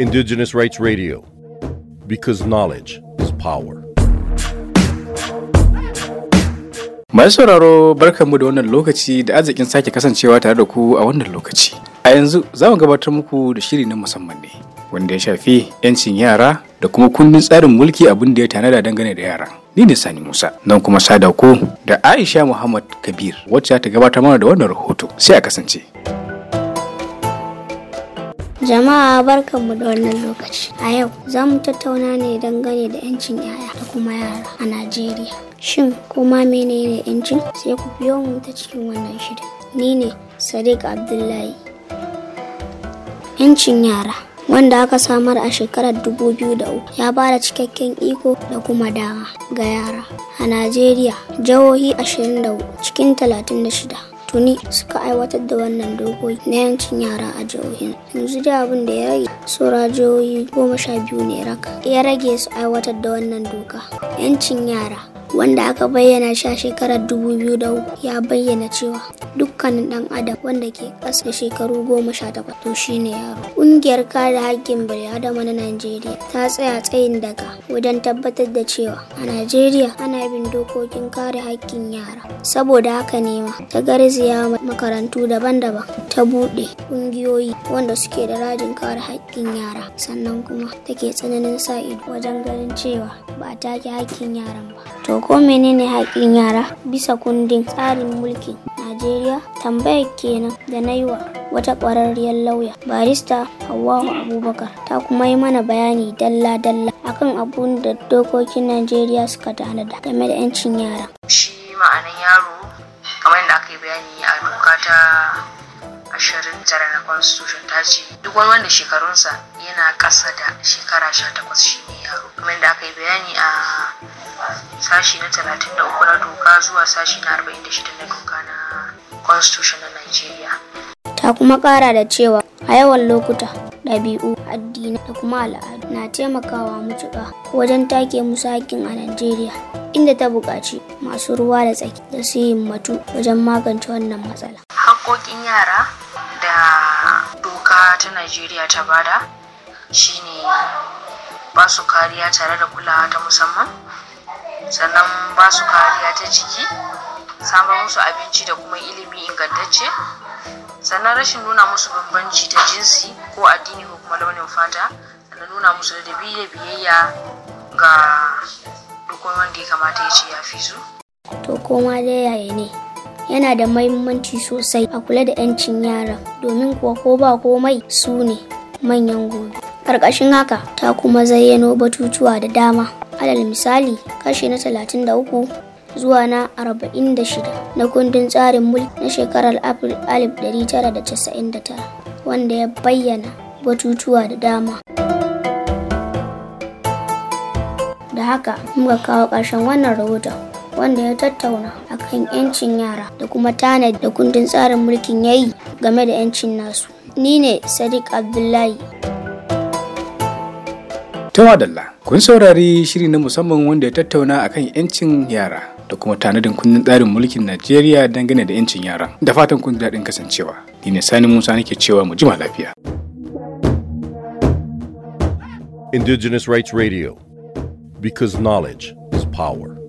Indigenous Rights Radio, because knowledge is power. Masu sauraro barkanmu da wannan lokaci da arzikin sake kasancewa tare da ku a wannan lokaci. A yanzu za mu gabatar muku da shiri na musamman ne, wanda ya shafi 'yancin yara da kuma kundin tsarin mulki abin da ya tanada dangane da yara. Ni ne Sani Musa, nan kuma sada ko da Aisha Muhammad Kabir, wacce ta gabatar mana da wannan rahoto. Sai a kasance. Jama'a barkanmu da wannan lokaci. A yau za mu tattauna ne dangane da 'yancin 'ya'ya da kuma yara a Najeriya. Shin kuma menene 'yancin? Sai ku biyo mu ta cikin wannan shirin. Ni ne Sadiq Abdullahi. 'Yancin yara wanda aka samar a shekarar 2003 ya ba da cikakken iko da kuma dama ga yara a Najeriya jihohi 24 cikin 36. tuni suka aiwatar da wannan dokoki na yancin yara a jihohin yanzu da abin da ya rage saura jihohi goma sha biyu ne raka ya rage su aiwatar da wannan doka yancin yara wanda aka bayyana shi a shekarar 2003 ya bayyana cewa dukkanin dan adam wanda ke ƙasa shekaru goma sha takwas to shine yaro ƙungiyar kare haƙƙin bil'adama na najeriya ta tsaya tsayin daga wajen tabbatar da cewa a najeriya ana bin dokokin kare haƙƙin yara saboda haka nema. ma ta garziya makarantu daban-daban ta buɗe ƙungiyoyi wanda suke da rajin kare haƙƙin yara sannan kuma take tsananin sa ido wajen ganin cewa ba a taki haƙƙin yaran ba. To ko menene haƙƙin yara bisa kundin tsarin mulkin Najeriya tambayar kenan da na yi wa wata ƙwararriyar lauya barista Hawwa Abubakar ta kuma yi mana bayani dalla-dalla akan abun da dokokin Najeriya suka tanada game da 'yancin yara. Shi ma'anin yaro kamar yadda aka yi bayani a doka ashirin na constitution ta ce duk wani wanda shekarunsa yana kasa da shekara sha takwas shi ne yaro kamar da aka yi bayani a sashi na talatin da uku na doka zuwa sashi na arba'in da shida na doka na constitution na nigeria ta kuma ƙara da cewa a yawan lokuta dabi'u addini da kuma al'adu na taimakawa mutuƙa wajen take musu haƙƙin a nigeria inda ta buƙaci masu ruwa da tsaki da su matu wajen magance wannan matsala haƙoƙin yara da doka ta najeriya ta bada shine ba su kariya tare da kulawa ta musamman sannan ba su kariya ta jiki samar musu abinci da kuma ilimi ingantacce sannan rashin nuna musu bambanci ta jinsi ko addini ko kuma launin fata sannan nuna musu da biyayya ga duk wanda ya kamata ya ce ya fi su to koma dai yaya ne yana da mahimmanci sosai a kula da 'yancin yara domin kuwa ko ba komai su ne manyan gobe. ƙarƙashin haka ta kuma zayyano batutuwa da dama alal misali kashi na 33 zuwa na 46 na kundin tsarin mulki na shekarar Afril 1999 wanda ya bayyana batutuwa da dama. Da haka muka kawo ƙarshen wannan rahoton wanda ya tattauna kan 'yancin yara da kuma tanadi da kundin tsarin mulkin ya yi game da 'yancin nasu. Ni ne Sadiq Abdullahi. Tawa Dalla, kun saurari shiri na musamman wanda ya tattauna a kan 'yancin yara da kuma tanadin kundin tsarin mulkin Najeriya dangane da 'yancin yara. Da fatan kun daɗin kasancewa. Ni ne Sani Musa nake cewa mu jima lafiya. Indigenous Rights Radio, because knowledge is power.